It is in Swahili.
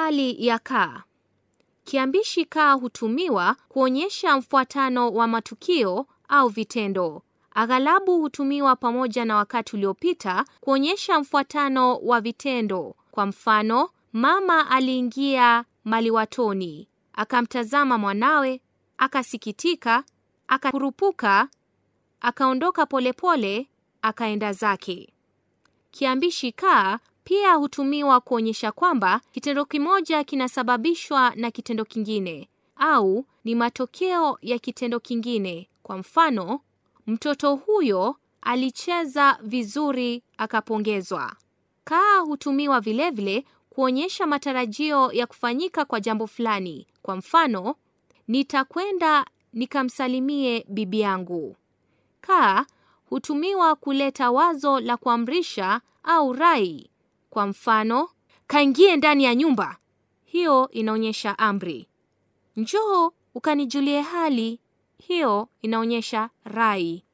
Hali ya kaa. Kiambishi kaa hutumiwa kuonyesha mfuatano wa matukio au vitendo. Aghalabu hutumiwa pamoja na wakati uliopita kuonyesha mfuatano wa vitendo. Kwa mfano, mama aliingia maliwatoni, akamtazama mwanawe, akasikitika, akakurupuka, akaondoka polepole, akaenda zake. Kiambishi kaa pia hutumiwa kuonyesha kwamba kitendo kimoja kinasababishwa na kitendo kingine au ni matokeo ya kitendo kingine. Kwa mfano, mtoto huyo alicheza vizuri akapongezwa. Kaa hutumiwa vilevile kuonyesha matarajio ya kufanyika kwa jambo fulani. Kwa mfano, nitakwenda nikamsalimie bibi yangu. Kaa hutumiwa kuleta wazo la kuamrisha au rai. Kwa mfano, kaingie ndani ya nyumba. Hiyo inaonyesha amri. Njoo ukanijulie hali. Hiyo inaonyesha rai.